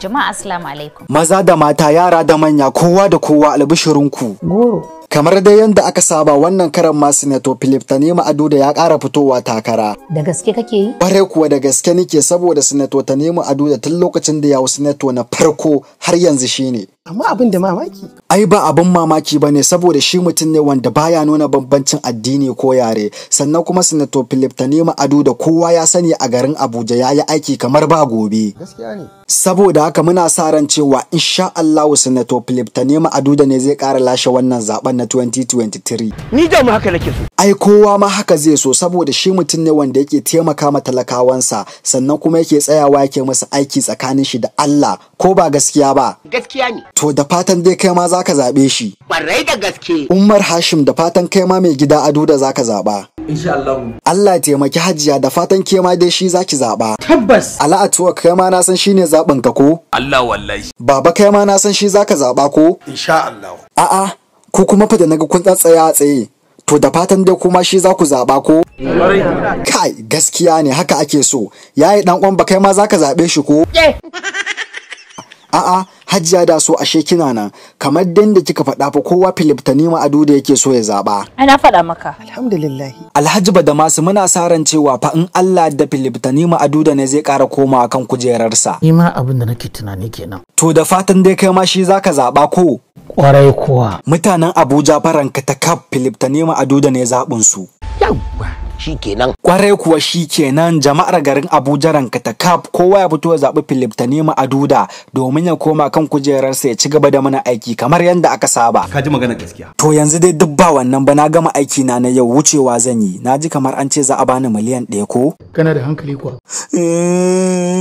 Jama'a assalamu alaikum. Maza da mata, yara da manya, kowa da kowa albishirinku. Goro. Kamar dai yadda aka saba wannan karan ma Sinato Philip Tanima da ya kara fitowa takara. Da gaske kake yi? Bare kuwa da gaske nike saboda Sinato Tanima da tun lokacin da ya hau Sinato na farko har yanzu shine. amma abin da mamaki ai ba abin mamaki ba ne saboda shi mutum ne wanda baya nuna bambancin addini ko yare sannan kuma sanato philip tanima ado da kowa ya sani a garin abuja ya yi aiki kamar ba gobe saboda haka muna sa ran cewa insha allahu sanato philip tanima ado da ne zai kara lashe wannan zaben na 2023 ni da mu haka nake so ai kowa ma haka zai so saboda shi mutum ne wanda yake taimaka ma talakawansa sannan kuma yake tsayawa yake masa aiki tsakanin shi da Allah ko ba gaskiya ba gaskiya ne to da fatan dai kai ma zaka zabe shi kwarai da gaske Umar Hashim da fatan kai ma mai gida ado da zaka zaba insha Allah Allah taimaki Hajiya da fatan ke ma dai shi zaki zaba tabbas Ala'atuwa kai ma na san shine zaben ka ko Allah wallahi baba kai ma na san shi zaka zaba ko insha Allah a'a ko kuma fa da naga kun tsaya tsaye to da fatan dai kuma shi za ku zaɓa ko kai gaskiya ne haka ake so yayi ɗan uwan kai ma zaka zaɓe shi ko a'a hajiya da so ashe kina nan kamar dan da kika faɗa fa kowa Philip Tanima Ado da yake so ya zaɓa ana faɗa maka alhamdulillah Alhaji Badamasu muna sa ran cewa fa in Allah da Filiptanima Aduda ne zai kara koma kan kujerarsa. Ni ma abin da nake tunani kenan. To da fatan dai kai ma shi zaka zaɓa ko? Ƙwarai kuwa. Mutanen Abuja faranka ta kaf Filiptanima Aduda ne zaɓin su. Yawwa. shikenan kwarai kuwa shikenan jama'ar garin Abuja rankatakaf kowa ya fito ya zabi Philip Tanima Aduda domin ya koma kan kujerarsa ya ci gaba da mana aiki kamar yadda aka saba ka ji magana gaskiya to yanzu dai duk ba wannan ba na gama aiki na na yau wucewa zan yi na ji kamar an ce za a bani miliyan ɗaya ko kana da hankali kuwa eh.